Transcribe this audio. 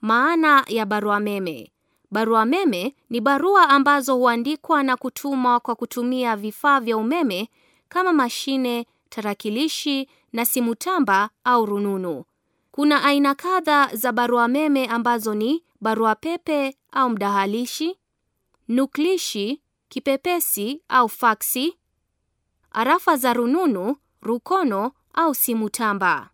Maana ya barua meme. Barua meme ni barua ambazo huandikwa na kutumwa kwa kutumia vifaa vya umeme kama mashine, tarakilishi na simu tamba au rununu. Kuna aina kadha za barua meme ambazo ni barua pepe au mdahalishi, nuklishi, kipepesi au faksi, arafa za rununu, rukono au simu tamba.